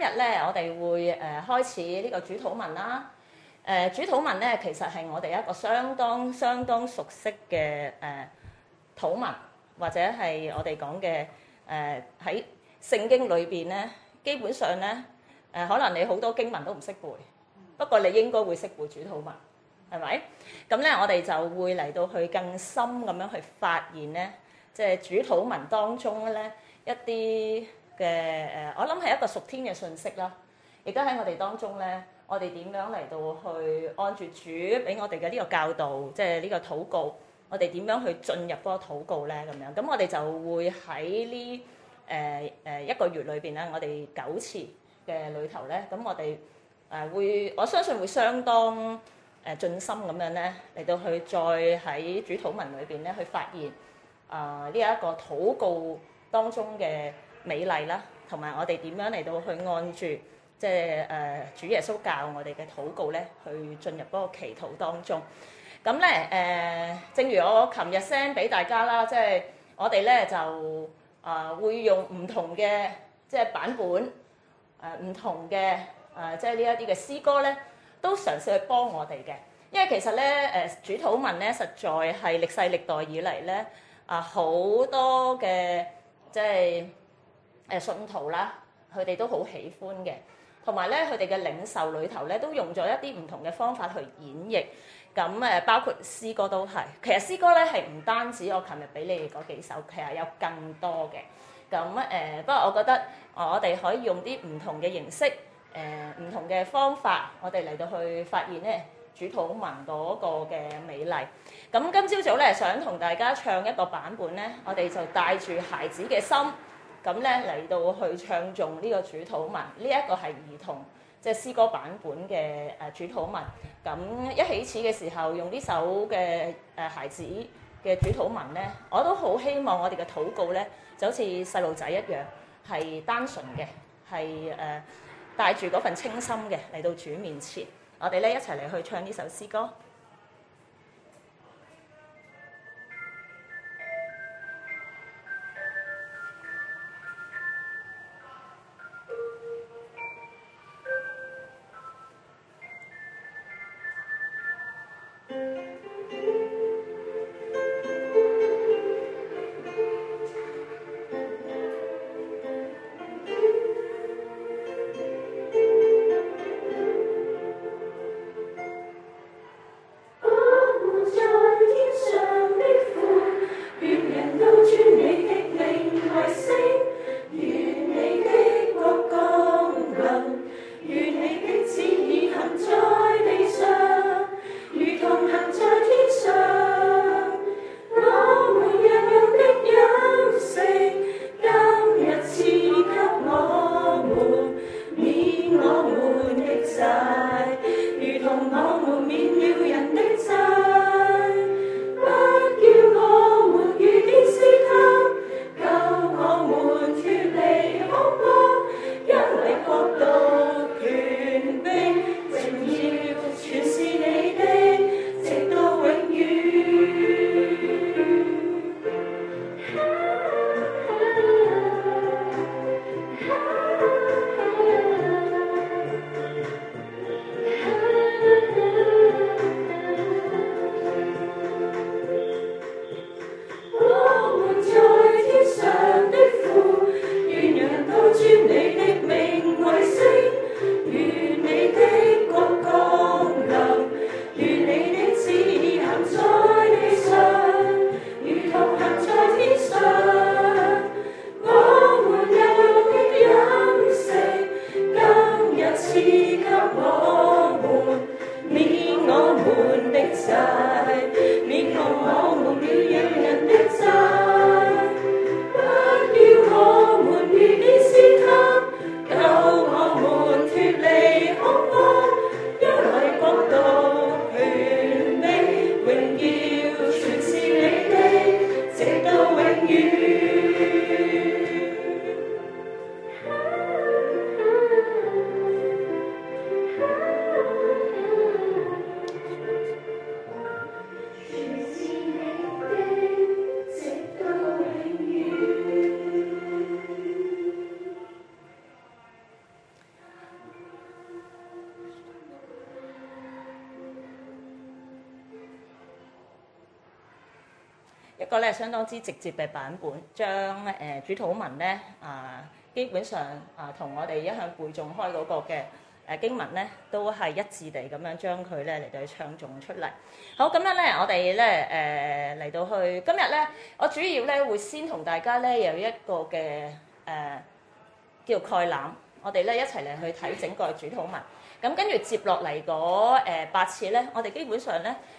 今日咧，我哋會誒、呃、開始呢個主禱文啦。誒、呃，主禱文咧，其實係我哋一個相當相當熟悉嘅誒禱文，或者係我哋講嘅誒喺聖經裏邊咧，基本上咧誒、呃，可能你好多經文都唔識背，不過你應該會識背主禱文，係咪？咁咧，我哋就會嚟到去更深咁樣去發現咧，即係主禱文當中咧一啲。嘅誒，我諗係一個屬天嘅信息啦，亦都喺我哋當中咧，我哋點樣嚟到去按住主俾我哋嘅呢個教導，即係呢個禱告，我哋點樣去進入嗰個禱告咧？咁樣，咁我哋就會喺呢誒誒一個月裏邊咧，我哋九次嘅裏頭咧，咁我哋誒會，我相信會相當誒盡心咁樣咧，嚟到去再喺主禱文裏邊咧去發現啊呢一個禱告當中嘅。美麗啦，同埋我哋點樣嚟到去按住，即係誒主耶穌教我哋嘅禱告咧，去進入嗰個祈禱當中。咁咧誒，正如我琴日 send 俾大家啦，即係我哋咧就啊、呃、會用唔同嘅即係版本，誒、呃、唔同嘅誒、呃、即係呢一啲嘅詩歌咧，都嘗試去幫我哋嘅。因為其實咧誒、呃、主禱文咧，實在係歷世歷代以嚟咧啊好多嘅即係。誒信徒啦，佢哋都好喜歡嘅，同埋咧佢哋嘅領袖裏頭咧都用咗一啲唔同嘅方法去演繹，咁誒包括詩歌都係，其實詩歌咧係唔單止我琴日俾你嗰幾首，其實有更多嘅，咁誒不過我覺得我哋可以用啲唔同嘅形式，誒唔同嘅方法，我哋嚟到去發現咧主禱文嗰個嘅美麗。咁今朝早咧想同大家唱一個版本咧，我哋就帶住孩子嘅心。咁咧嚟到去唱誦呢個主禱文，呢、這、一個係兒童即係詩歌版本嘅誒、呃、主禱文。咁一起始嘅時候用呢首嘅誒、呃、孩子嘅主禱文咧，我都好希望我哋嘅禱告咧就好似細路仔一樣，係單純嘅，係誒帶住嗰份清心嘅嚟到主面前。我哋咧一齊嚟去唱呢首詩歌。咧相當之直接嘅版本，將誒、呃、主禱文咧啊、呃，基本上啊同、呃、我哋一向背誦開嗰個嘅誒、呃、經文咧，都係一致地咁樣將佢咧嚟到去唱誦出嚟。好，咁樣咧，我哋咧誒嚟到去今日咧，我主要咧會先同大家咧有一個嘅誒、呃、叫概覽，我哋咧一齊嚟去睇整個主禱文。咁跟住接落嚟嗰八次咧，我哋基本上咧。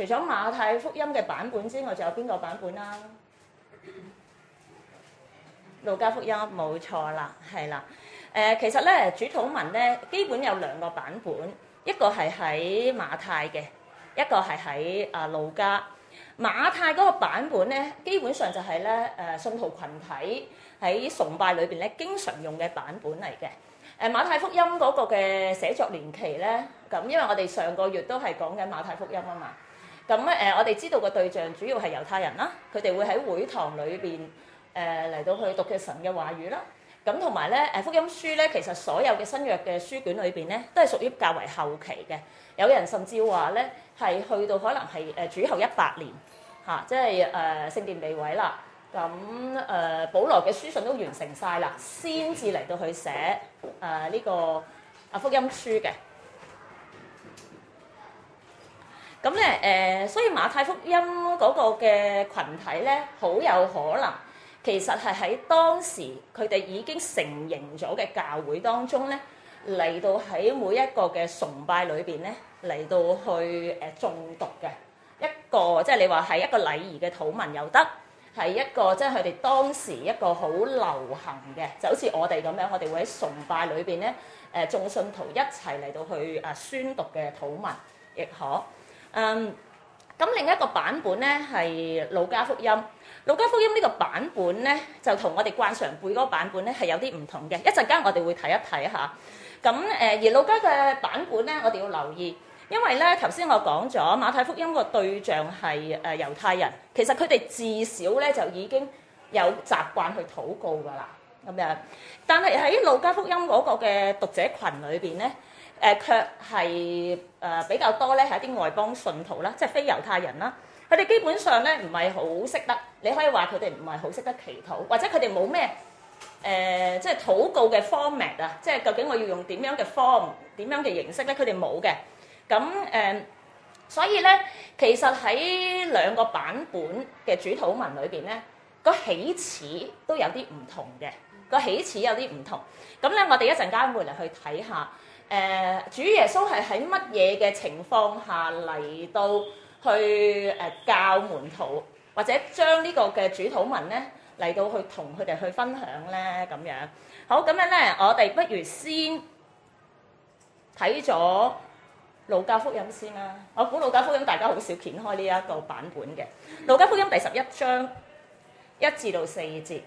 除咗馬太福音嘅版本之外，仲有邊個版本、啊、啦？路加福音冇錯啦，係啦。誒，其實咧主禱文咧基本有兩個版本，一個係喺馬太嘅，一個係喺啊路加。馬太嗰個版本咧，基本上就係咧誒信徒群體喺崇拜裏邊咧經常用嘅版本嚟嘅。誒、呃、馬太福音嗰個嘅寫作年期咧，咁因為我哋上個月都係講緊馬太福音啊嘛。咁咧誒，我哋知道嘅對象主要係猶太人啦，佢哋會喺會堂裏邊誒嚟到去讀嘅神嘅話語啦。咁同埋咧誒福音書咧，其實所有嘅新約嘅書卷裏邊咧，都係屬於較為後期嘅。有人甚至話咧，係去到可能係誒主後一百年嚇、啊，即係誒聖殿被毀啦。咁、啊、誒、呃、保羅嘅書信都完成晒啦，先至嚟到去寫誒呢個啊福音書嘅。咁咧誒，所以馬太福音嗰個嘅羣體咧，好有可能其實係喺當時佢哋已經成形咗嘅教會當中咧，嚟到喺每一個嘅崇拜裏邊咧，嚟到去誒誦讀嘅一個，即係你話係一個禮儀嘅禱文又得，係一個即係佢哋當時一個好流行嘅，就好似我哋咁樣，我哋會喺崇拜裏邊咧誒，眾信徒一齊嚟到去誒宣讀嘅禱文，亦可。嗯，咁另一個版本咧係《路加福音》。《路加福音》呢個版本咧，就同我哋慣常背嗰個版本咧係有啲唔同嘅。一陣間我哋會睇一睇下。咁誒、嗯，而《路加》嘅版本咧，我哋要留意，因為咧頭先我講咗馬太福音個對象係誒猶太人，其實佢哋至少咧就已經有習慣去禱告㗎啦。咁、嗯、樣，但係喺《路加福音》嗰個嘅讀者群裏邊咧。誒，卻係誒比較多咧，係一啲外邦信徒啦，即係非猶太人啦。佢哋基本上咧唔係好識得，你可以話佢哋唔係好識得祈禱，或者佢哋冇咩誒，即係禱告嘅 format 啊，即係究竟我要用點樣嘅 form、點樣嘅形式咧？佢哋冇嘅。咁誒、呃，所以咧，其實喺兩個版本嘅主禱文裏邊咧，個起始都有啲唔同嘅，個起始有啲唔同。咁咧，我哋一陣間會嚟去睇下。.誒、呃、主耶穌係喺乜嘢嘅情況下嚟到去誒、呃、教門徒，或者將呢個嘅主禱文咧嚟到去同佢哋去分享咧咁樣。好，咁樣咧，我哋不如先睇咗路加福音先啦。我估路加福音大家好少掀開呢一個版本嘅。路加福音第十一章一至到四節。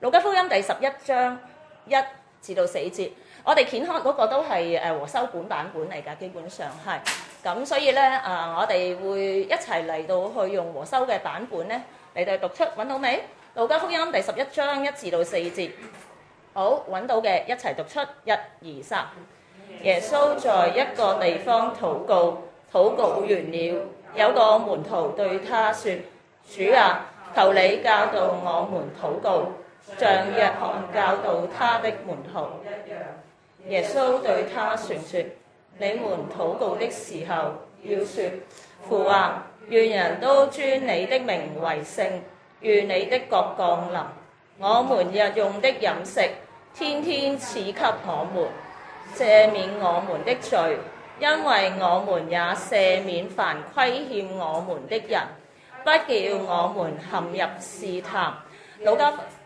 《路加福音》第十一章一至到四節，我哋掀開嗰個都係誒和修本版本嚟㗎，基本上係咁，所以咧啊，我哋會一齊嚟到去用和修嘅版本咧你哋讀出，揾到未？《路加福音》第十一章一至到四節，好，揾到嘅一齊讀出，一、二、三。耶穌在一個地方禱告，禱告完了，有個門徒對他說：主啊，求你教導我們禱告。像約翰教導他的門徒一樣，耶穌對他説：説你們禱告的時候要說，要説：父啊，願人都尊你的名為聖。願你的國降臨。我們日用的飲食，天天賜給我們。赦免我們的罪，因為我們也赦免凡虧欠我們的人。不叫我們陷入試探。老家。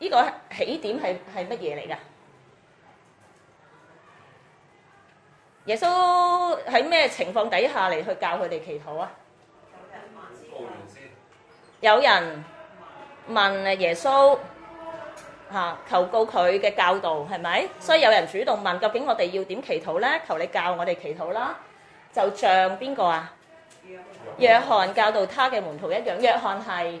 呢個起點係係乜嘢嚟㗎？耶穌喺咩情況底下嚟去教佢哋祈禱啊？有人問耶穌吓求告佢嘅教導係咪？所以有人主動問，究竟我哋要點祈禱咧？求你教我哋祈禱啦！就像邊個啊？約翰教導他嘅門徒一樣，約翰係。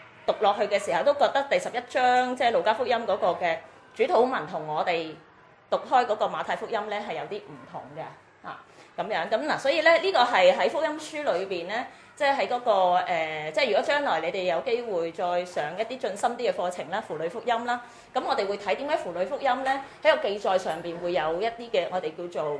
讀落去嘅時候都覺得第十一章，即係路加福音嗰個嘅主禱文同我哋讀開嗰個馬太福音咧係有啲唔同嘅啊，咁樣，咁嗱，所以咧呢、這個係喺福音書裏邊咧，即係喺嗰個、呃、即係如果將來你哋有機會再上一啲進深啲嘅課程啦，符類福音啦，咁我哋會睇點解符類福音咧喺個記載上邊會有一啲嘅我哋叫做。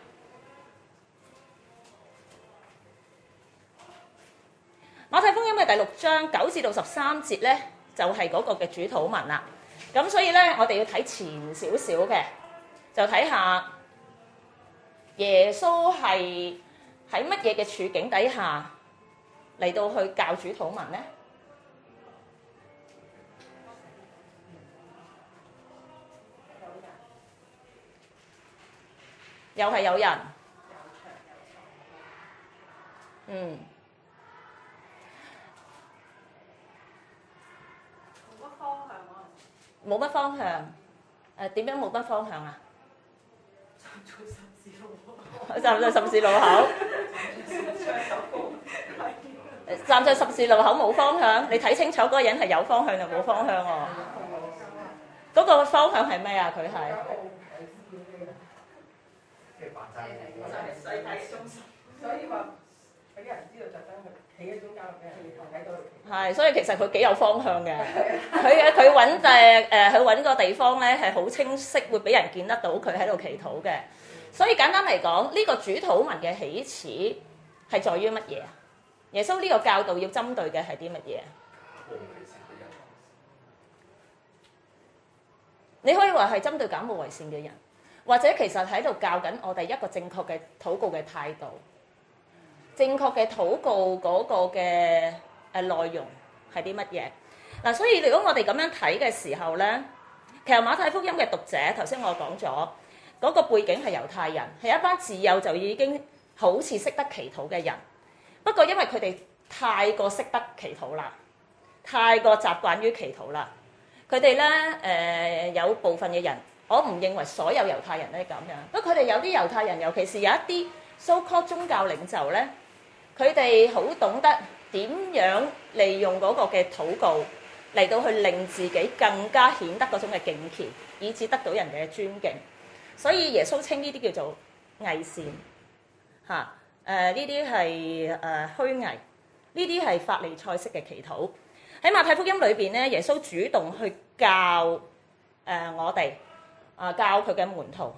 馬太福音嘅第六章九至到十三節咧，就係、是、嗰個嘅主禱文啦。咁所以咧，我哋要睇前少少嘅，就睇下耶穌係喺乜嘢嘅處境底下嚟到去教主禱文咧？嗯、又係有人，有有嗯。冇乜方向，誒點樣冇乜方向啊？站在十字路口。站在十字路口。站在十字路口冇方向，你睇清楚嗰個人係有方向定冇方向喎？嗰個方向係咩啊？佢係。係，所以其實佢幾有方向嘅。佢嘅佢揾誒誒，佢揾、就是呃、個地方咧係好清晰，會俾人見得到佢喺度祈禱嘅。所以簡單嚟講，呢、這個主禱文嘅起始係在於乜嘢啊？耶穌呢個教導要針對嘅係啲乜嘢？為你可以話係針對假冒為善嘅人，或者其實喺度教緊我哋一個正確嘅禱告嘅態度，正確嘅禱告嗰個嘅。誒內容係啲乜嘢嗱？所以如果我哋咁樣睇嘅時候咧，其實馬太福音嘅讀者頭先我講咗嗰個背景係猶太人，係一班自幼就已經好似識得祈禱嘅人。不過因為佢哋太過識得祈禱啦，太過習慣於祈禱啦，佢哋咧誒有部分嘅人，我唔認為所有猶太人咧咁樣，不過佢哋有啲猶太人，尤其是有一啲 so-called 宗教領袖咧，佢哋好懂得。點樣利用嗰個嘅禱告嚟到去令自己更加顯得嗰種嘅敬虔，以至得到人嘅尊敬。所以耶穌稱呢啲叫做偽善，嚇誒呢啲係誒虛偽，呢啲係法利賽式嘅祈禱。喺馬太福音裏邊咧，耶穌主動去教誒我哋啊，教佢嘅門徒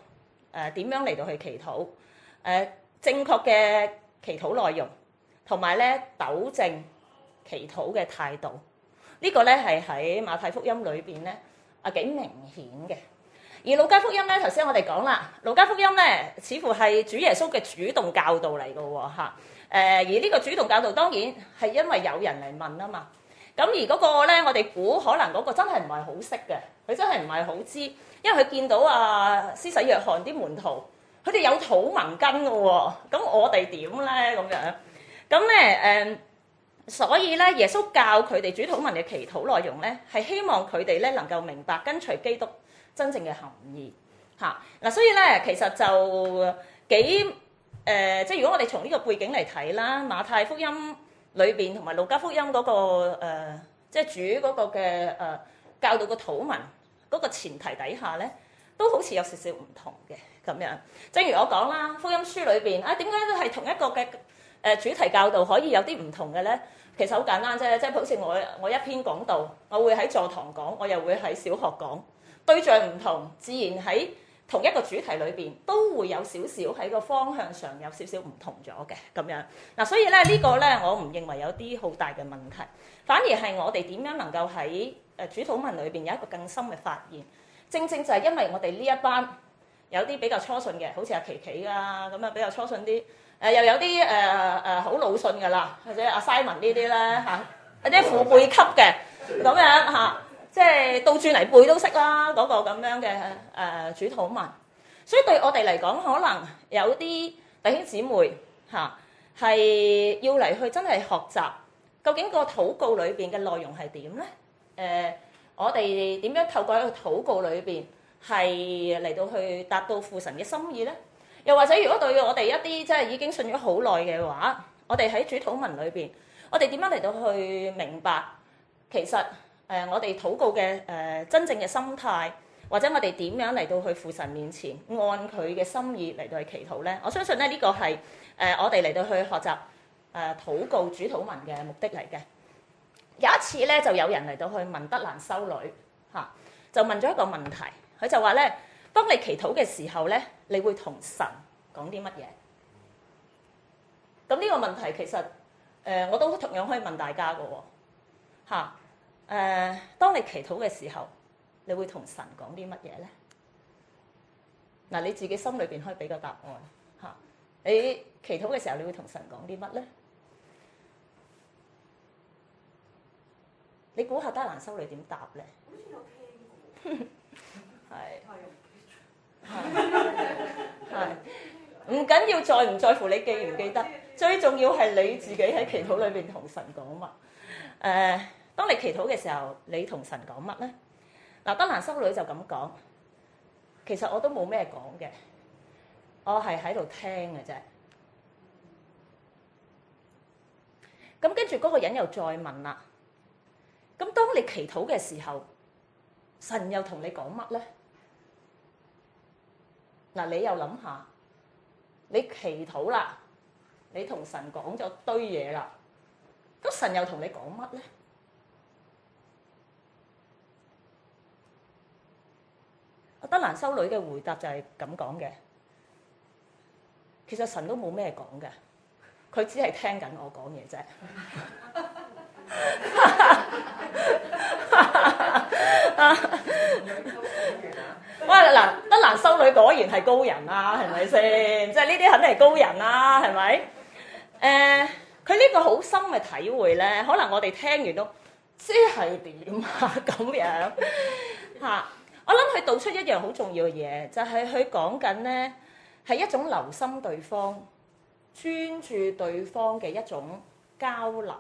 誒點樣嚟到去祈禱，誒正確嘅祈禱內容。同埋咧，糾正祈禱嘅態度，這個、呢個咧係喺馬太福音裏邊咧啊幾明顯嘅。而路加福音咧，頭先我哋講啦，路加福音咧，似乎係主耶穌嘅主動教導嚟嘅喎嚇。誒，而呢個主動教導當然係因為有人嚟問啊嘛。咁而嗰個咧，我哋估可能嗰個真係唔係好識嘅，佢真係唔係好知，因為佢見到啊施洗約翰啲門徒，佢哋有土文根嘅喎、哦，咁我哋點咧咁樣？咁咧誒，所以咧，耶穌教佢哋主禱文嘅祈禱內容咧，係希望佢哋咧能夠明白跟隨基督真正嘅含義嚇嗱、嗯。所以咧，其實就幾誒、呃，即係如果我哋從呢個背景嚟睇啦，馬太福音裏邊同埋路加福音嗰、那個、呃、即係主嗰個嘅誒、呃、教導嘅禱文嗰個前提底下咧，都好似有少少唔同嘅咁樣。正如我講啦，福音書裏邊啊，點、哎、解都係同一個嘅？誒主題教導可以有啲唔同嘅咧，其實好簡單啫，即係好似我我一篇講道，我會喺座堂講，我又會喺小學講，對象唔同，自然喺同一個主題裏邊都會有少少喺個方向上有少少唔同咗嘅咁樣。嗱，所以咧呢個咧我唔認為有啲好大嘅問題，反而係我哋點樣能夠喺誒主禱文裏邊有一個更深嘅發現。正正就係因為我哋呢一班有啲比較初信嘅，好似阿琪琪啊咁啊比較初信啲。誒又有啲誒誒好老信嘅啦，或者阿 Simon 呢啲咧嚇，一啲父輩級嘅咁樣嚇，即係倒轉嚟背都識啦嗰個咁樣嘅誒主禱文，所以對我哋嚟講，可能有啲弟兄姊妹嚇係要嚟去真係學習，究竟個禱告裏邊嘅內容係點咧？誒，我哋點樣透過一個禱告裏邊係嚟到去達到父神嘅心意咧？又或者，如果對於我哋一啲即係已經信咗好耐嘅話，我哋喺主禱文裏邊，我哋點樣嚟到去明白其實誒、呃、我哋禱告嘅誒、呃、真正嘅心態，或者我哋點樣嚟到去父神面前按佢嘅心意嚟到去祈禱咧？我相信咧呢、這個係誒、呃、我哋嚟到去學習誒禱告主禱文嘅目的嚟嘅。有一次咧，就有人嚟到去問德蘭修女吓，就問咗一個問題，佢就話咧。當你祈禱嘅時候咧，你會同神講啲乜嘢？咁呢個問題其實誒、呃、我都同樣可以問大家嘅喎，嚇、啊、誒、呃。當你祈禱嘅時候，你會同神講啲乜嘢咧？嗱，你自己心裏邊可以俾個答案嚇、啊。你祈禱嘅時候你，你會同神講啲乜咧？你估下德蘭修女點答咧？係。係，係，唔緊要，在唔在乎你記唔記得？最重要係你自己喺祈禱裏邊同神講乜。誒，當你祈禱嘅時候，你同神講乜咧？嗱，德蘭修女就咁講，其實我都冇咩講嘅，我係喺度聽嘅啫。咁跟住嗰個人又再問啦。咁當你祈禱嘅時候，神又同你講乜咧？嗱，你又諗下，你祈禱啦，你同神講咗堆嘢啦，咁神又同你講乜咧？阿德蘭修女嘅回答就係咁講嘅，其實神都冇咩講嘅，佢只係聽緊我講嘢啫。 哇！嗱，德蘭修女果然係高人啊，係咪先？即係呢啲肯定係高人啦，係咪？誒，佢呢個好深嘅體會咧，可能我哋聽完都即係點啊咁樣嚇？我諗佢道出一樣好重要嘅嘢，就係佢講緊咧係一種留心對方、專注對方嘅一種交流。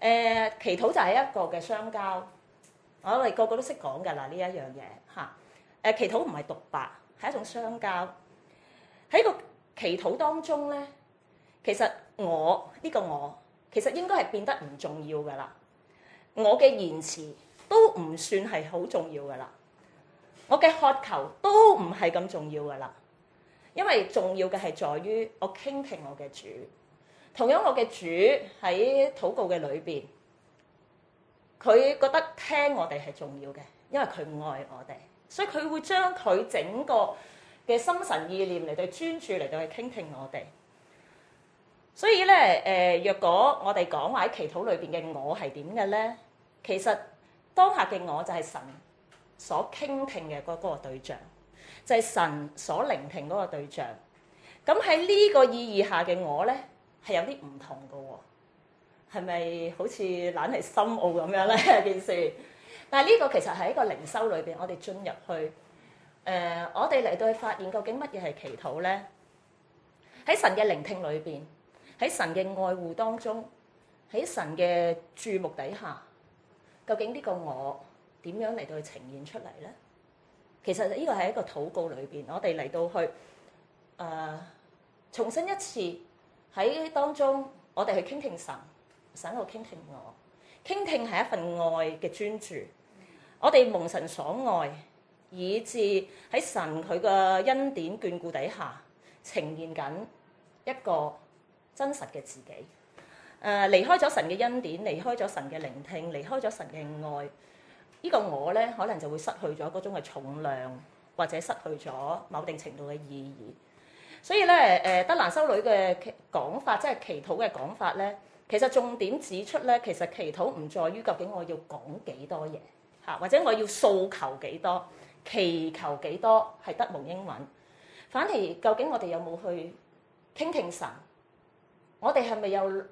誒，祈禱就係一個嘅相交，我哋個個都識講㗎喇，呢一樣嘢。誒，祈禱唔係獨白，係一種相交。喺個祈禱當中咧，其實我呢，呢個我，其實應該係變得唔重要噶啦。我嘅言辭都唔算係好重要噶啦。我嘅渴求都唔係咁重要噶啦。因為重要嘅係在於我傾聽我嘅主。同樣我，我嘅主喺禱告嘅裏邊，佢覺得聽我哋係重要嘅，因為佢愛我哋。所以佢會將佢整個嘅心神意念嚟到專注，嚟到去傾聽我哋。所以咧，誒、呃、若果我哋講話喺祈禱裏邊嘅我係點嘅咧，其實當下嘅我就係神所傾聽嘅嗰嗰個對象，就係、是、神所聆聽嗰個對象。咁喺呢個意義下嘅我咧，係有啲唔同嘅喎、哦，係咪好似懶係深奧咁樣咧件事？ 但係呢個其實係一個靈修裏邊，我哋進入去，誒、呃，我哋嚟到去發現究竟乜嘢係祈禱咧？喺神嘅聆聽裏邊，喺神嘅愛護當中，喺神嘅注目底下，究竟呢個我點樣嚟到去呈現出嚟咧？其實呢個係一個禱告裏邊，我哋嚟到去誒、呃，重新一次喺當中，我哋去傾聽神，神喺度傾聽我，傾聽係一份愛嘅專注。我哋蒙神所愛，以至喺神佢嘅恩典眷顧底下呈現緊一個真實嘅自己。誒、呃、離開咗神嘅恩典，離開咗神嘅聆聽，離開咗神嘅愛，呢、這個我咧可能就會失去咗嗰種嘅重量，或者失去咗某定程度嘅意義。所以咧，誒、呃、德蘭修女嘅講法，即係祈禱嘅講法咧，其實重點指出咧，其實祈禱唔在於究竟我要講幾多嘢。嚇，或者我要訴求幾多、祈求幾多，係得蒙應允。反而究竟，我哋有冇去傾聽神？我哋係咪又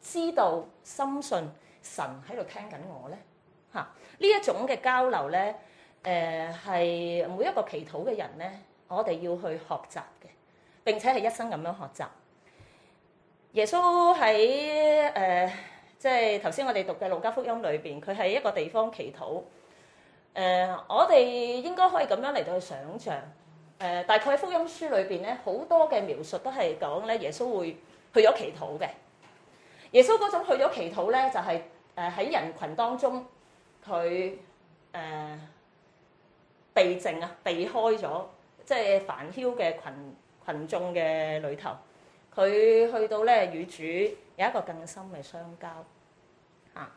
知道、深信神喺度聽緊我咧？嚇、啊，呢一種嘅交流咧，誒、呃、係每一個祈禱嘅人咧，我哋要去學習嘅，並且係一生咁樣學習。耶穌喺誒。呃即係頭先我哋讀嘅《路加福音》裏邊，佢係一個地方祈禱誒、呃，我哋應該可以咁樣嚟到去想象誒、呃，大概喺福音書裏邊咧，好多嘅描述都係講咧耶穌會去咗祈禱嘅。耶穌嗰種去咗祈禱咧，就係誒喺人群當中，佢誒、呃、避靜啊，避開咗即係煩囂嘅群群眾嘅裏頭。佢去到咧，與主有一個更深嘅相交。啊，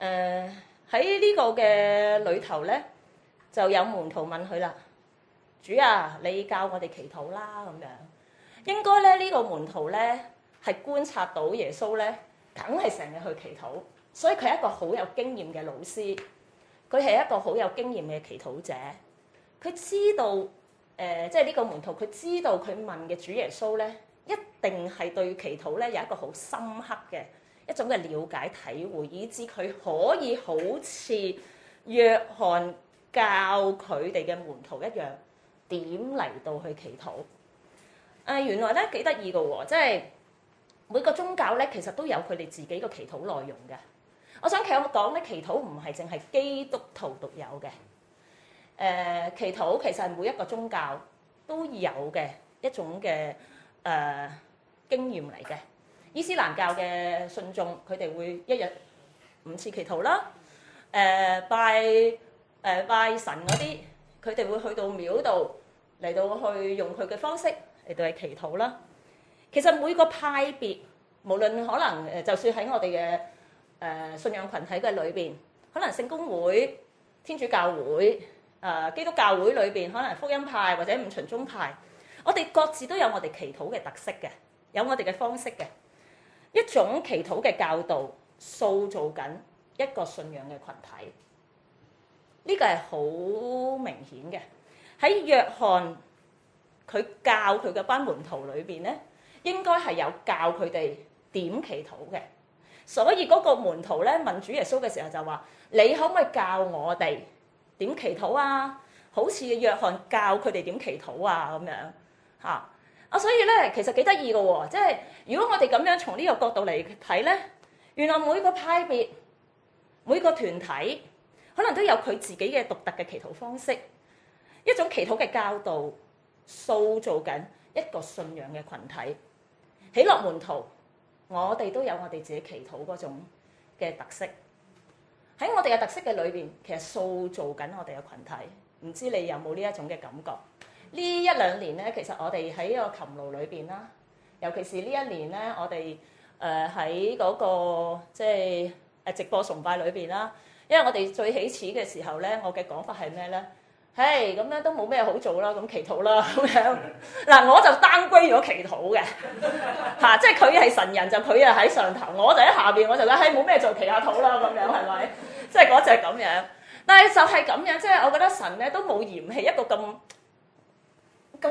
誒、呃、喺呢個嘅裏頭咧，就有門徒問佢啦：主啊，你教我哋祈禱啦咁樣。應該咧，呢、這個門徒咧係觀察到耶穌咧，梗係成日去祈禱，所以佢係一個好有經驗嘅老師。佢係一個好有經驗嘅祈禱者。佢知道誒，即係呢個門徒，佢知道佢問嘅主耶穌咧。定係對祈禱咧有一個好深刻嘅一種嘅了解體會，以至佢可以好似約翰教佢哋嘅門徒一樣點嚟到去祈禱。誒、啊、原來咧幾得意嘅喎，即係每個宗教咧其實都有佢哋自己嘅祈禱內容嘅。我想其實我講咧祈禱唔係淨係基督徒獨有嘅。誒、呃、祈禱其實係每一個宗教都有嘅一種嘅誒。呃經驗嚟嘅，伊斯蘭教嘅信眾佢哋會一日五次祈禱啦，誒、呃、拜誒、呃、拜神嗰啲，佢哋會去到廟度嚟到去用佢嘅方式嚟到去祈禱啦。其實每個派別，無論可能誒，就算喺我哋嘅誒信仰群體嘅裏邊，可能聖公會、天主教會、誒、呃、基督教會裏邊，可能福音派或者五旬宗派，我哋各自都有我哋祈禱嘅特色嘅。有我哋嘅方式嘅一種祈禱嘅教導，塑造緊一個信仰嘅羣體。呢個係好明顯嘅。喺約翰佢教佢嘅班門徒裏邊咧，應該係有教佢哋點祈禱嘅。所以嗰個門徒咧問主耶穌嘅時候就話：你可唔可以教我哋點祈禱啊？好似約翰教佢哋點祈禱啊咁樣吓。啊，所以咧，其實幾得意㗎喎，即係如果我哋咁樣從呢個角度嚟睇咧，原來每個派別、每個團體，可能都有佢自己嘅獨特嘅祈禱方式，一種祈禱嘅教導，塑造緊一個信仰嘅群體。喜樂門徒，我哋都有我哋自己祈禱嗰種嘅特色。喺我哋嘅特色嘅裏邊，其實塑造緊我哋嘅群體。唔知你有冇呢一種嘅感覺？一兩呢一兩年咧，其實我哋喺個琴路裏邊啦，尤其是呢一年咧，我哋誒喺嗰個即係誒直播崇拜裏邊啦。因為我哋最起始嘅時候咧，我嘅講法係咩咧？誒咁咧都冇咩好做啦，咁祈禱啦咁樣。嗱 我就 downgrade 咗祈禱嘅吓， 即係佢係神人就佢啊喺上頭，我就喺下邊，我就講嘿冇咩做，祈下禱啦咁樣係咪？即係嗰只係咁樣。但係就係咁樣，即係我覺得神咧都冇嫌棄一個咁。咁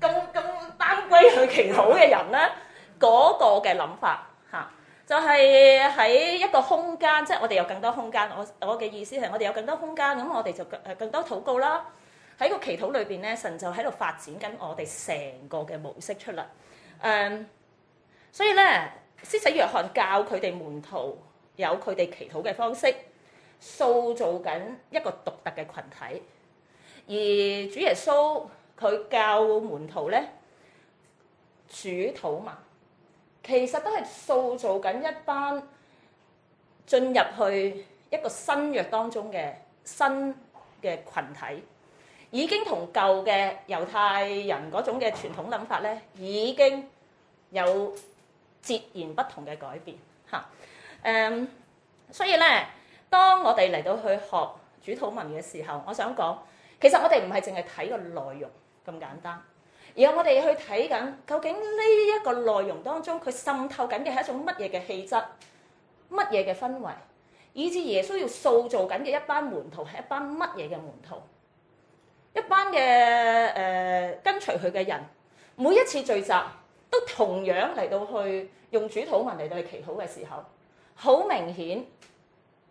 咁咁單歸去祈禱嘅人咧，嗰個嘅諗法吓，就係喺一個空間，即係我哋有更多空間。我我嘅意思係我哋有更多空間，咁我哋就誒更多禱告啦。喺個祈禱裏邊咧，神就喺度發展緊我哋成個嘅模式出嚟。誒，所以咧，施洗約翰教佢哋門徒有佢哋祈禱嘅方式，塑造緊一個獨特嘅群體，而主耶穌。佢教門徒咧，主禱文，其實都係塑造緊一班進入去一個新約當中嘅新嘅群體，已經同舊嘅猶太人嗰種嘅傳統諗法咧，已經有截然不同嘅改變嚇。誒、嗯，所以咧，當我哋嚟到去學主禱文嘅時候，我想講，其實我哋唔係淨係睇個內容。咁簡單，而我哋去睇緊究竟呢一個內容當中，佢滲透緊嘅係一種乜嘢嘅氣質，乜嘢嘅氛圍，以至耶穌要塑造緊嘅一班門徒係一班乜嘢嘅門徒，一班嘅誒跟隨佢嘅人，每一次聚集都同樣嚟到去用主禱文嚟到去祈禱嘅時候，好明顯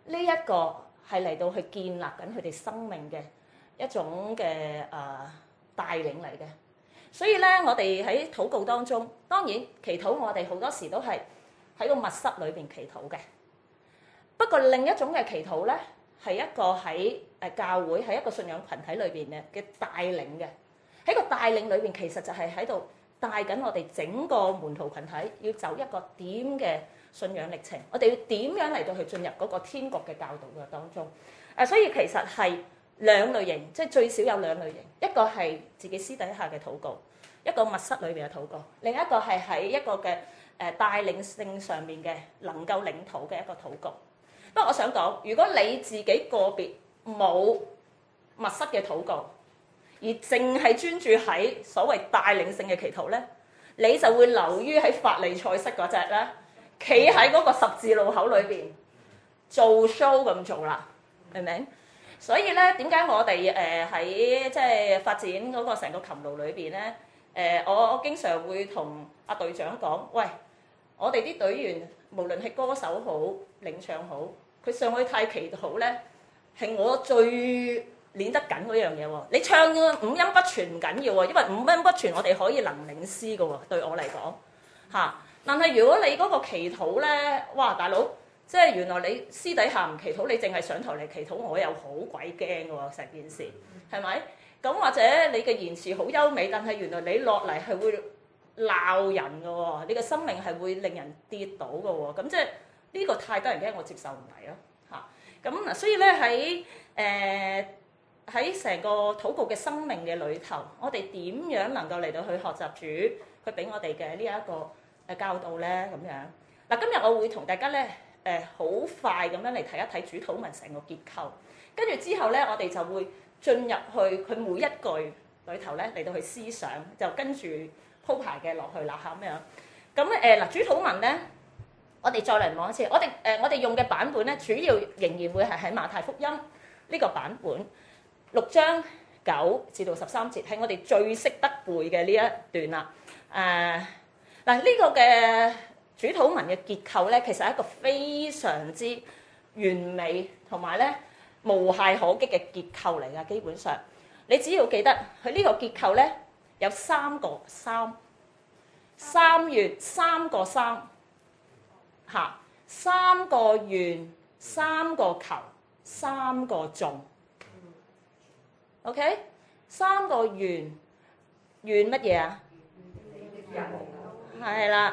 呢一個係嚟到去建立緊佢哋生命嘅一種嘅啊～、呃帶領嚟嘅，所以咧，我哋喺禱告當中，當然祈禱我哋好多時都係喺個密室裏邊祈禱嘅。不過另一種嘅祈禱咧，係一個喺誒教會喺一個信仰羣體裏邊嘅嘅帶領嘅。喺個帶領裏邊，其實就係喺度帶緊我哋整個門徒羣體要走一個點嘅信仰歷程。我哋要點樣嚟到去進入嗰個天國嘅教導嘅當中？誒，所以其實係。兩類型，即係最少有兩類型，一個係自己私底下嘅禱告，一個密室裏邊嘅禱告，另一個係喺一個嘅誒帶領性上面嘅能夠領禱嘅一個禱告。不過我想講，如果你自己個別冇密室嘅禱告，而淨係專注喺所謂帶領性嘅祈禱咧，你就會流於喺法利賽式嗰隻咧，企喺嗰個十字路口裏邊做 show 咁做啦，明唔明？所以咧，點解我哋誒喺即係發展嗰個成個琴路裏邊咧？誒、呃，我經常會同阿、啊、隊長講，喂，我哋啲隊員無論係歌手好、領唱好，佢上去太祈禱咧，係我最練得緊嗰樣嘢喎。你唱五音不全唔緊要喎，因為五音不全我哋可以能領詩㗎喎。對我嚟講，嚇、啊，但係如果你嗰個祈禱咧，哇，大佬！即係原來你私底下唔祈禱，你淨係上台嚟祈禱，我又好鬼驚嘅喎，成件事係咪咁？或者你嘅言辭好優美，但係原來你落嚟係會鬧人嘅喎，你嘅生命係會令人跌倒嘅喎。咁即係呢個太多人驚，我接受唔嚟咯嚇咁嗱。所以咧喺誒喺成個禱告嘅生命嘅裡頭，我哋點樣能夠嚟到去學習主佢俾我哋嘅呢一個誒教導咧？咁樣嗱，今日我會同大家咧。誒好快咁樣嚟睇一睇主禱文成個結構，跟住之後咧，我哋就會進入去佢每一句裏頭咧嚟到去思想，就跟住鋪排嘅落去啦嚇咁樣，咁咧誒嗱，主禱文咧，我哋再嚟望一次，我哋誒我哋用嘅版本咧，主要仍然會係喺馬太福音呢個版本六章九至到十三節，係我哋最識得背嘅呢一段啦。誒嗱呢個嘅。主禱文嘅結構咧，其實係一個非常之完美同埋咧無懈可擊嘅結構嚟㗎。基本上，你只要記得佢呢個結構咧有三個三，三月三個三嚇，三個圓、三個球、三個重，OK？三個圓圓乜嘢啊？係喇。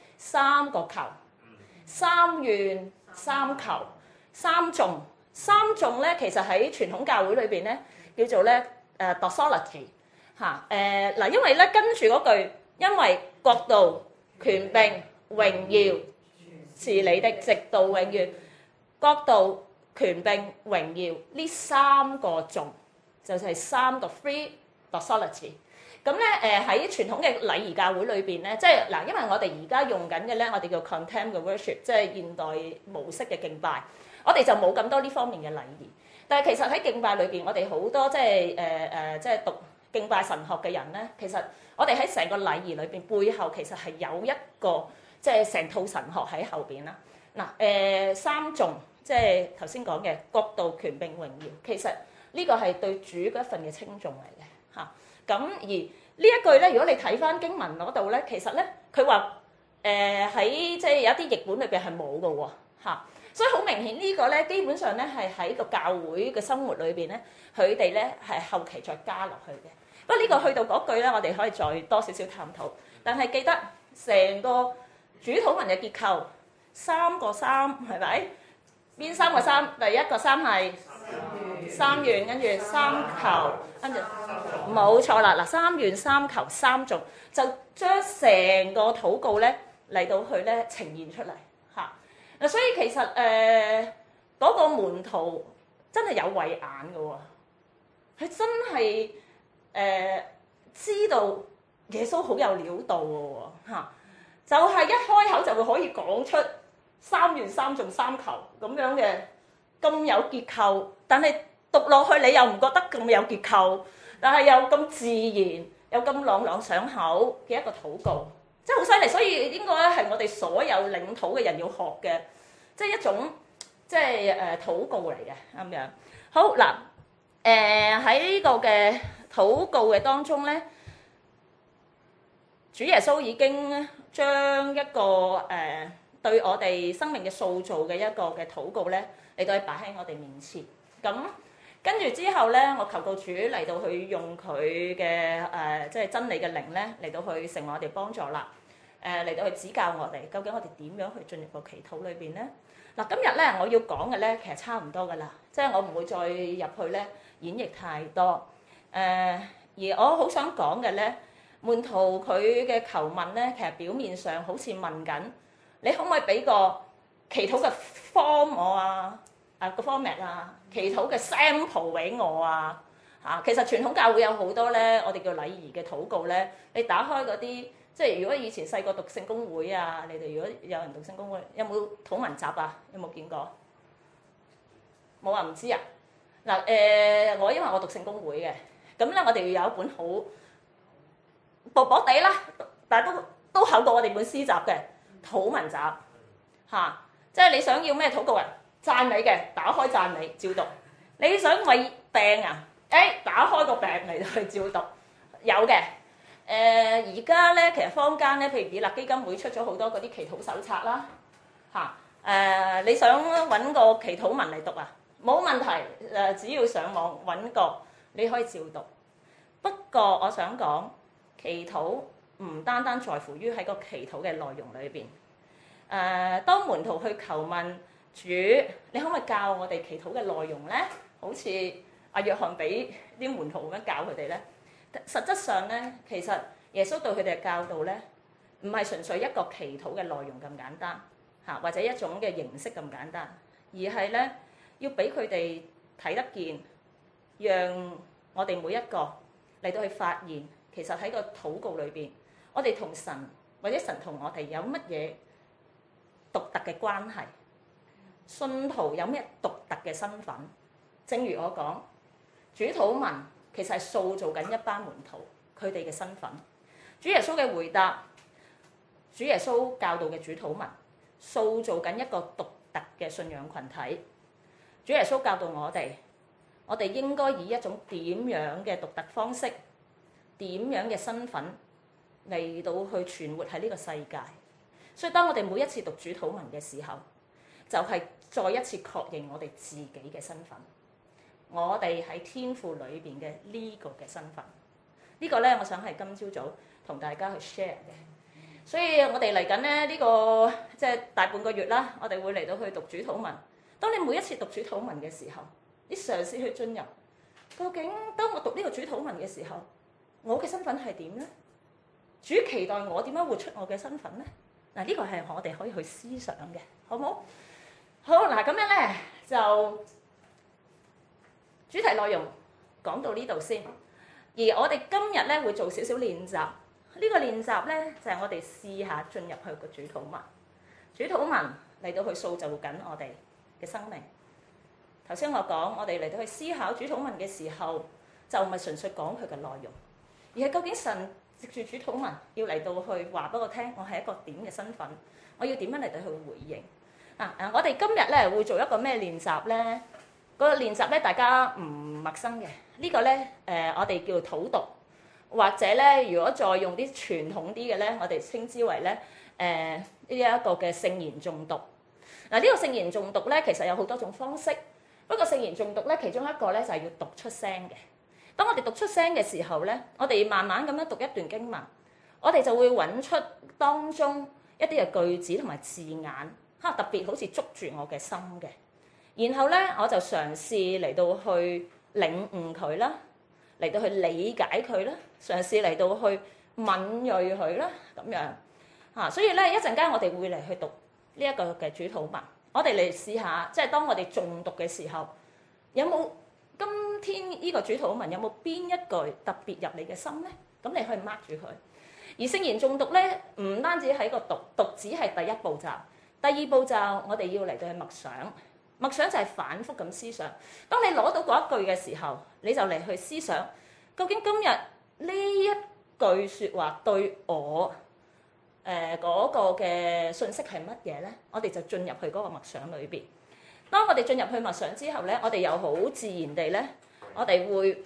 三個球，三願、三求、三眾、三眾咧，其實喺傳統教會裏邊咧，叫做咧誒 doxology。嚇誒嗱，因為咧跟住嗰句，因為國度、權柄、榮耀是你的，直到永遠。國度、權柄、榮耀呢三個眾，就係三個 freedoxology。咁咧，誒喺、嗯、傳統嘅禮儀教會裏邊咧，即係嗱，因為我哋而家用緊嘅咧，我哋叫 contemporary 嘅 worship，即係現代模式嘅敬拜，我哋就冇咁多呢方面嘅禮儀。但係其實喺敬拜裏邊，我哋好多即係誒誒，即係、呃、讀敬拜神學嘅人咧，其實我哋喺成個禮儀裏邊背後其實係有一個即係成套神學喺後邊啦。嗱、嗯、誒、呃，三重即係頭先講嘅國度、權柄、榮耀，其實呢個係對主嘅一份嘅稱重嚟嘅嚇。咁而呢一句咧，如果你睇翻經文嗰度咧，其實咧佢話誒喺即係有一啲譯本裏邊係冇嘅喎，嚇。所以好明顯呢個咧，基本上咧係喺個教會嘅生活裏邊咧，佢哋咧係後期再加落去嘅。不過呢個去到嗰句咧，我哋可以再多少少探討。但係記得成個主禱文嘅結構三個三係咪？邊三個三？第一個三係三願，跟住三求，跟住。冇錯啦，嗱三願三求三眾，就將成個禱告咧嚟到佢咧呈現出嚟嚇、啊。所以其實誒嗰、呃那個門徒真係有慧眼嘅喎，佢真係誒、呃、知道耶穌好有料到嘅喎、啊、就係、是、一開口就會可以講出三願三眾三求咁樣嘅咁有結構，但係讀落去你又唔覺得咁有結構。但係又咁自然，又咁朗朗上口嘅一個禱告，真係好犀利。所以應該咧係我哋所有領土嘅人要學嘅，即係一種即係誒禱告嚟嘅咁樣。好嗱，誒喺呢個嘅禱告嘅當中咧，主耶穌已經將一個誒對我哋生命嘅塑造嘅一個嘅禱告咧，嚟到擺喺我哋面前咁。跟住之後咧，我求告主嚟到去用佢嘅誒，即係真理嘅靈咧，嚟到去成為我哋幫助啦。誒、呃、嚟到去指教我哋，究竟我哋點樣去進入個祈禱裏邊咧？嗱、呃，今日咧我要講嘅咧，其實差唔多噶啦，即係我唔會再入去咧演繹太多。誒、呃，而我好想講嘅咧，門徒佢嘅求問咧，其實表面上好似問緊，你可唔可以俾個祈禱嘅 form 我啊？誒個 formula 啊，祈禱嘅 sample 俾我啊嚇！其實傳統教會有好多咧，我哋叫禮儀嘅禱告咧，你打開嗰啲即係如果以前細個讀聖公會啊，你哋如果有人讀聖公會，有冇土文集啊？有冇見過？冇啊，唔知啊！嗱、呃、誒，我因為我讀聖公會嘅，咁咧我哋要有一本好薄薄地啦，但係都都厚過我哋本詩集嘅土文集嚇、啊，即係你想要咩禱告啊？讚美嘅，打開讚美，照讀。你想為病啊？誒、哎，打開個病嚟去照讀。有嘅。誒、呃，而家咧，其實坊間咧，譬如以立基金會出咗好多嗰啲祈禱手冊啦，嚇、啊。誒、呃，你想揾個祈禱文嚟讀啊？冇問題。誒、呃，只要上網揾個，你可以照讀。不過我想講，祈禱唔單單在乎於喺個祈禱嘅內容裏邊。誒、呃，當門徒去求問。主，你可唔可以教我哋祈禱嘅內容咧？好似阿約翰俾啲門徒咁樣教佢哋咧？實質上咧，其實耶穌對佢哋嘅教導咧，唔係純粹一個祈禱嘅內容咁簡單，嚇，或者一種嘅形式咁簡單，而係咧要俾佢哋睇得見，讓我哋每一個嚟到去發現，其實喺個禱告裏邊，我哋同神或者神同我哋有乜嘢獨特嘅關係。信徒有咩獨特嘅身份？正如我講，主禱文其實係塑造緊一班門徒佢哋嘅身份。主耶穌嘅回答，主耶穌教導嘅主禱文，塑造緊一個獨特嘅信仰群體。主耶穌教導我哋，我哋應該以一種點樣嘅獨特方式，點樣嘅身份嚟到去存活喺呢個世界。所以當我哋每一次讀主禱文嘅時候，就係、是。再一次確認我哋自己嘅身份，我哋喺天父裏邊嘅呢個嘅身份，這個、呢個咧，我想係今朝早同大家去 share 嘅。所以我哋嚟緊咧呢、這個即係、就是、大半個月啦，我哋會嚟到去讀主禱文。當你每一次讀主禱文嘅時候，你嘗試去進入，究竟當我讀呢個主禱文嘅時候，我嘅身份係點咧？主期待我點樣活出我嘅身份咧？嗱，呢個係我哋可以去思想嘅，好唔好？好嗱，咁樣咧就主題內容講到呢度先。而我哋今日咧會做少少練習，這個、練習呢個練習咧就係、是、我哋試下進入去個主禱文，主禱文嚟到去塑造緊我哋嘅生命。頭先我講，我哋嚟到去思考主禱文嘅時候，就唔係純粹講佢嘅內容，而係究竟神藉住主禱文要嚟到去話俾我聽，我係一個點嘅身份，我要點樣嚟到去回應。啊！我哋今日咧會做一個咩練習咧？個練習咧，大家唔陌生嘅呢個咧。誒，我哋叫禱讀，或者咧，如果再用啲傳統啲嘅咧，我哋稱之為咧誒呢一個嘅聖言重讀。嗱，呢個聖言重讀咧，其實有好多種方式。不過聖言重讀咧，其中一個咧就係要讀出聲嘅。當我哋讀出聲嘅時候咧，我哋慢慢咁樣讀一段經文，我哋就會揾出當中一啲嘅句子同埋字眼。嚇！特別好似捉住我嘅心嘅，然後咧我就嘗試嚟到去領悟佢啦，嚟到去理解佢啦，嘗試嚟到去敏鋭佢啦，咁樣嚇！所以咧一陣間我哋會嚟去讀呢一個嘅主禱文，我哋嚟試下，即係當我哋誦讀嘅時候，有冇今天呢個主禱文有冇邊一句特別入你嘅心咧？咁你可以 mark 住佢。而聖言誦讀咧，唔單止喺個讀，讀，只係第一步咋。第二步就是，我哋要嚟到去默想，默想就係反覆咁思想。當你攞到嗰一句嘅時候，你就嚟去思想，究竟今日呢一句說話對我誒嗰、呃那個嘅信息係乜嘢咧？我哋就進入去嗰個默想裏邊。當我哋進入去默想之後咧，我哋又好自然地咧，我哋會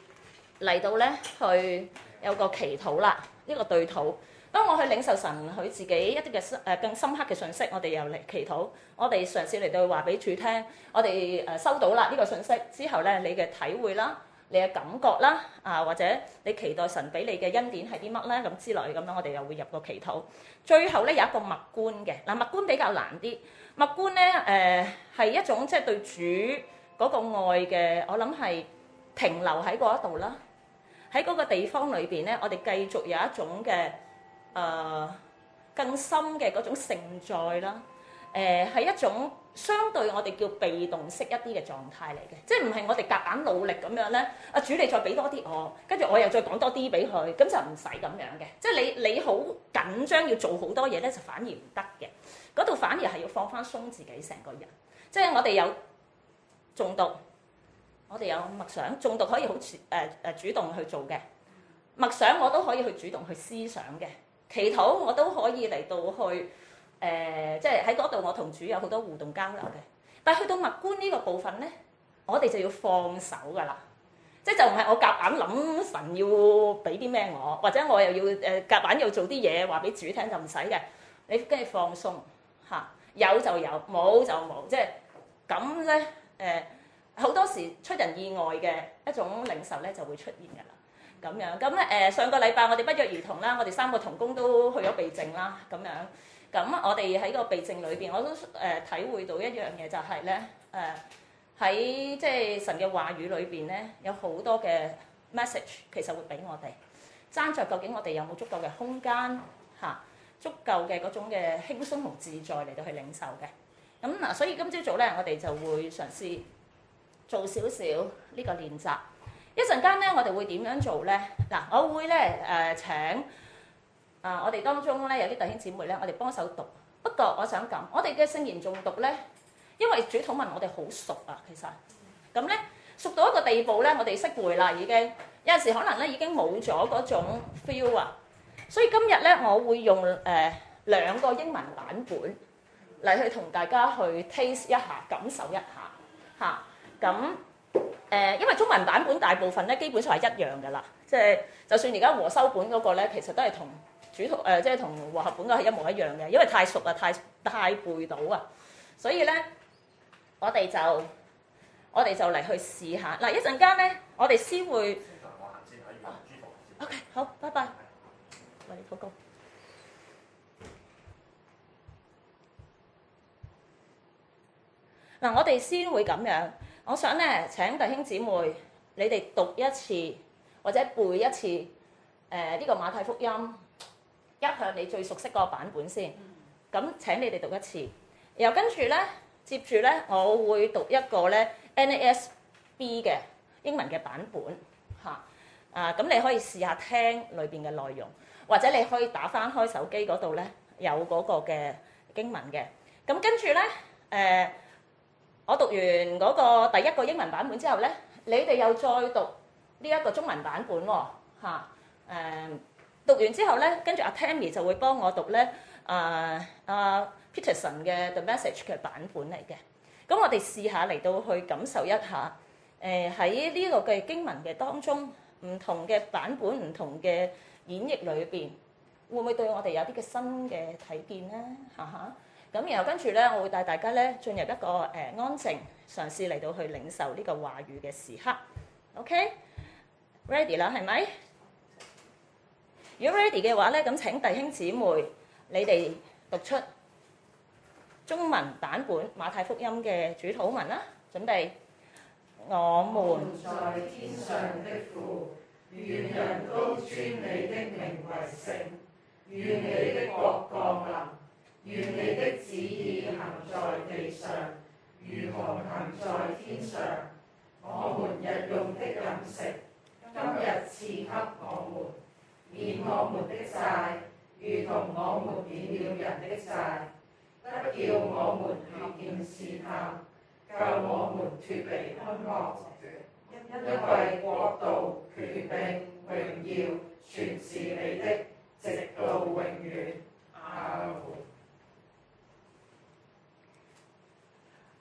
嚟到咧去有個祈禱啦，呢個對禱。當我去領受神佢自己一啲嘅深誒更深刻嘅信息，我哋又嚟祈禱。我哋嘗試嚟到話俾主聽，我哋誒收到啦呢個信息之後咧，你嘅體會啦，你嘅感覺啦啊，或者你期待神俾你嘅恩典係啲乜咧咁之類咁樣，我哋又會入個祈禱。最後咧有一個默觀嘅嗱，默觀比較難啲。默觀咧誒係一種即係對主嗰個愛嘅，我諗係停留喺嗰一度啦。喺嗰個地方裏邊咧，我哋繼續有一種嘅。誒、呃、更深嘅嗰種存在啦，誒、呃、係一種相對我哋叫被動式一啲嘅狀態嚟嘅，即係唔係我哋夾硬努力咁樣咧？阿、啊、主你再俾多啲我，跟、哦、住我又再講多啲俾佢，咁就唔使咁樣嘅。即係你你好緊張要做好多嘢咧，就反而唔得嘅。嗰度反而係要放翻鬆自己成個人。即係我哋有誦讀，我哋有默想。誦讀可以好主誒誒、呃、主動去做嘅，默想我都可以去主動去思想嘅。祈禱我都可以嚟到去，誒即係喺度我同主有好多互動交流嘅。但係去到默觀呢個部分咧，我哋就要放手㗎啦，即係就唔係我夾硬諗神要俾啲咩我，或者我又要誒夾硬又做啲嘢話俾主聽就唔使嘅。你跟住放鬆吓，有就有，冇就冇，即係咁咧誒好多時出人意外嘅一種領受咧，就會出現㗎啦。咁樣咁誒上個禮拜我哋不約而同啦，我哋三個同工都去咗避靜啦，咁樣咁我哋喺個避靜裏邊，我都誒、呃、體會到一樣嘢，就是，就係咧誒喺即係神嘅話語裏邊咧，有好多嘅 message 其實會俾我哋爭着究竟我哋有冇足夠嘅空間嚇、啊、足夠嘅嗰種嘅輕鬆同自在嚟到去領受嘅咁嗱，所以今朝早咧我哋就會嘗試做少少呢個練習。一陣間咧，我哋會點樣做咧？嗱，我會咧誒請啊，我哋當中咧有啲弟兄姊妹咧，我哋幫手讀。不過我想咁，我哋嘅聖言仲讀咧，因為主禱文我哋好熟啊，其實咁咧熟到一個地步咧，我哋識背啦已經。有陣時可能咧已經冇咗嗰種 feel 啊，所以今日咧，我會用誒兩個英文版本嚟去同大家去 taste 一下，感受一下嚇咁。啊。誒，因為中文版本大部分咧，基本上係一樣嘅啦。即係就算而家和修本嗰個咧，其實都係同主圖誒，即係同和合本嗰係一模一樣嘅，因為太熟啊，太太背到啊。所以咧，我哋就我哋就嚟去試下。嗱，一陣間咧，我哋先會。OK，好，拜拜。嚟，好嘅。嗱，我哋先會咁樣。我想咧請弟兄姊妹，你哋讀一次或者背一次，誒、呃、呢、呢個馬太福音，一向你最熟悉個版本先。咁、嗯、請你哋讀一次，然後跟住咧接住咧，我會讀一個咧 NASB 嘅英文嘅版本嚇。啊，咁你可以試下聽裏邊嘅內容，或者你可以打翻開手機嗰度咧有嗰個嘅經文嘅。咁跟住咧誒。呃我讀完嗰個第一個英文版本之後咧，你哋又再讀呢一個中文版本喎、哦，嚇？誒，讀完之後咧，跟住阿 Tammy 就會幫我讀咧，誒、啊、阿、啊、Peterson 嘅 The Message 嘅版本嚟嘅。咁、嗯、我哋試下嚟到去感受一下，誒喺呢個嘅經文嘅當中，唔同嘅版本、唔同嘅演繹裏邊，會唔會對我哋有啲嘅新嘅睇見咧？嚇、啊、嚇！咁然後跟住咧，我會帶大家咧進入一個誒安靜，嘗試嚟到去領受呢個話語嘅時刻。OK，ready 啦，係咪？如果 ready 嘅話咧，咁請弟兄姊妹，你哋讀出中文版本《馬太福音》嘅主禱文啦。準備，我們在天上的父，願人都尊你的名為聖，願你的國降臨。願你的旨意行在地上，如同行在天上。我們日用的飲食，今日賜給我們，免我們的債，如同我們免了人的債。不叫我們遇見試探，教我們脫離空惡。嗯嗯嗯嗯、因為國度、決定榮耀，全是你的，直到永遠。嗯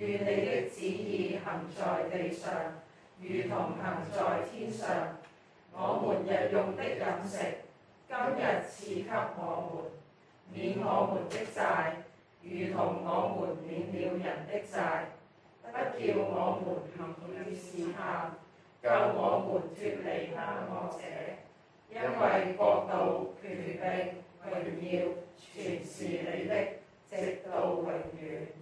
願你的旨意行在地上，如同行在天上。我們日用的飲食，今日賜給我們，免我們的債，如同我們免了人的債，不叫我們陷入試探，救我們脫離那惡者。因為國度、權柄、榮耀，全是你的，直到永遠。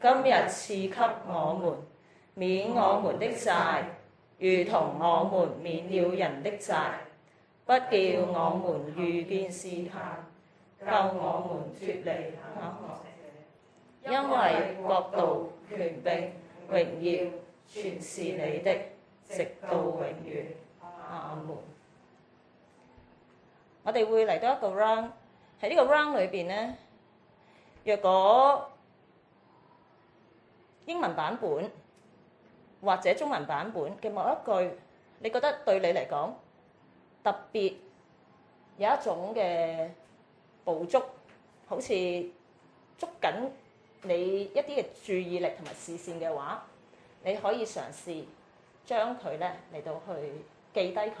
今日賜給我們，免我們的債，如同我們免了人的債，不叫我們遇見試探，救我們脫離兇惡。因為國度、權柄、榮耀，全是你的，直到永遠。阿門。我哋會嚟到一個 round，喺呢個 round 裏邊呢，若果英文版本或者中文版本嘅某一句，你覺得對你嚟講特別有一種嘅捕捉，好似捉緊你一啲嘅注意力同埋視線嘅話，你可以嘗試將佢咧嚟到去記低佢。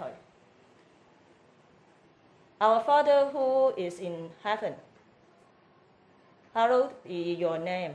Our Father who is in heaven, hallowed be your name.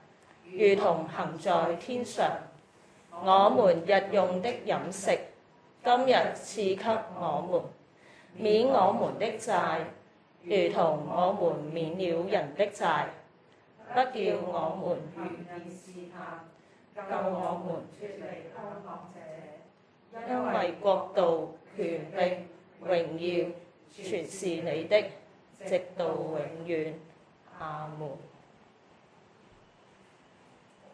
如同行在天上，我們日用的飲食，今日賜給我們，免我們的債，如同我們免了人的債，不叫我們遇見試探，救我們脫離兇惡者，因為國度、權柄、榮耀，全是你的，直到永遠，阿門。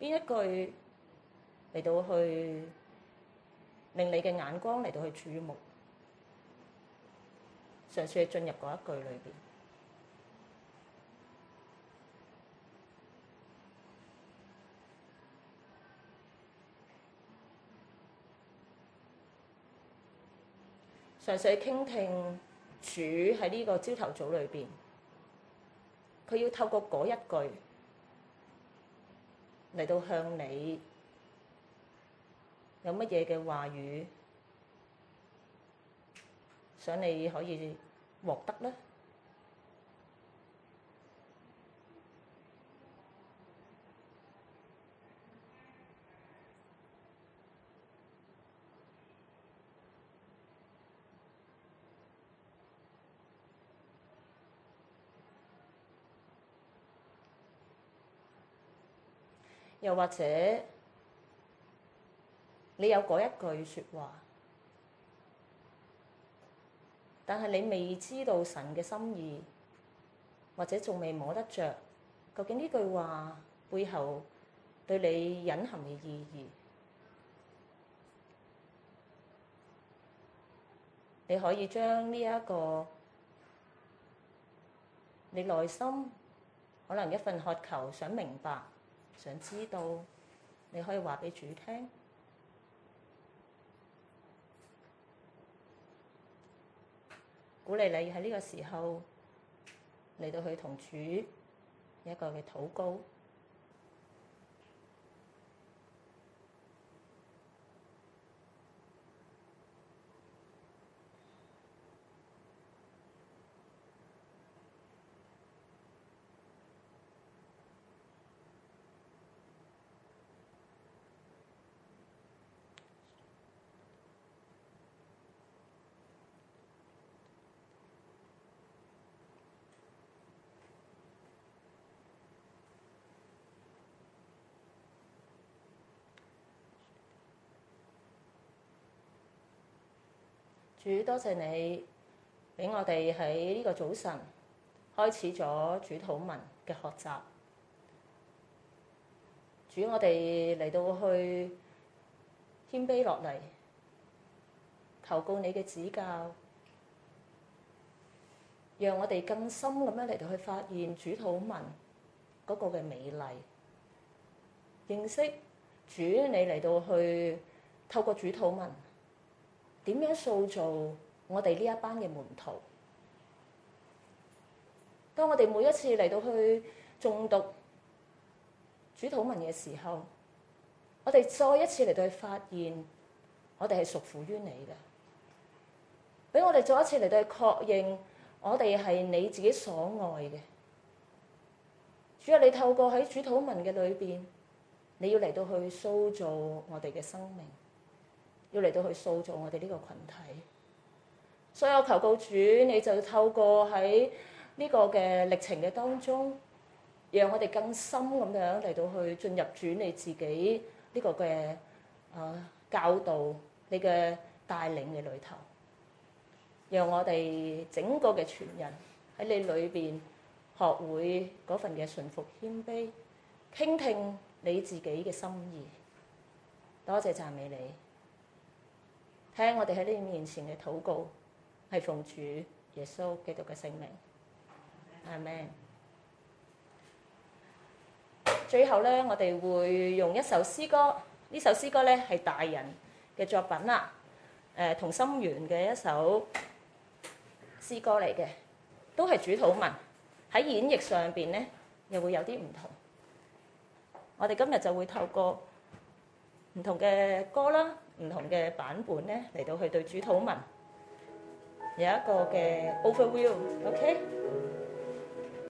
邊一句嚟到去令你嘅眼光嚟到去注目？嘗試去進入嗰一句裏面，嘗試去傾聽主喺呢個朝頭早裏邊，佢要透過嗰一句嚟到向你有乜嘢嘅話語，想你可以獲得呢？又或者，你有嗰一句說話，但係你未知道神嘅心意，或者仲未摸得着，究竟呢句話背後對你隱含嘅意義？你可以將呢一個你內心可能一份渴求想明白。想知道，你可以話俾主聽，鼓勵你喺呢個時候嚟到去同主有一個嘅禱告。主，多謝你俾我哋喺呢個早晨開始咗主禱文嘅學習，主，我哋嚟到去謙卑落嚟，求告你嘅指教，讓我哋更深咁樣嚟到去發現主禱文嗰個嘅美麗，認識主你嚟到去透過主禱文。點樣塑造我哋呢一班嘅門徒？當我哋每一次嚟到去誦讀主禱文嘅時候，我哋再一次嚟到去發現我屬，我哋係屬乎於你嘅，俾我哋再一次嚟到去確認，我哋係你自己所愛嘅。主要你透過喺主禱文嘅裏邊，你要嚟到去塑造我哋嘅生命。要嚟到去塑造我哋呢個群體，所以我求告主，你就透過喺呢個嘅歷程嘅當中，讓我哋更深咁樣嚟到去進入主你自己呢個嘅啊教導你嘅帶領嘅裏頭，讓我哋整個嘅全人喺你裏邊學會嗰份嘅順服謙卑，傾聽你自己嘅心意。多謝讚美你。聽我哋喺你面前嘅禱告，係奉主耶穌基督嘅聖名，阿門。最後咧，我哋會用一首詩歌，呢首詩歌咧係大人嘅作品啦，誒同心圓嘅一首詩歌嚟嘅，都係主禱文，喺演繹上邊咧又會有啲唔同。我哋今日就會透過唔同嘅歌啦。唔同嘅版本咧，嚟到去對主禱文有一個嘅 overview，OK？Okay?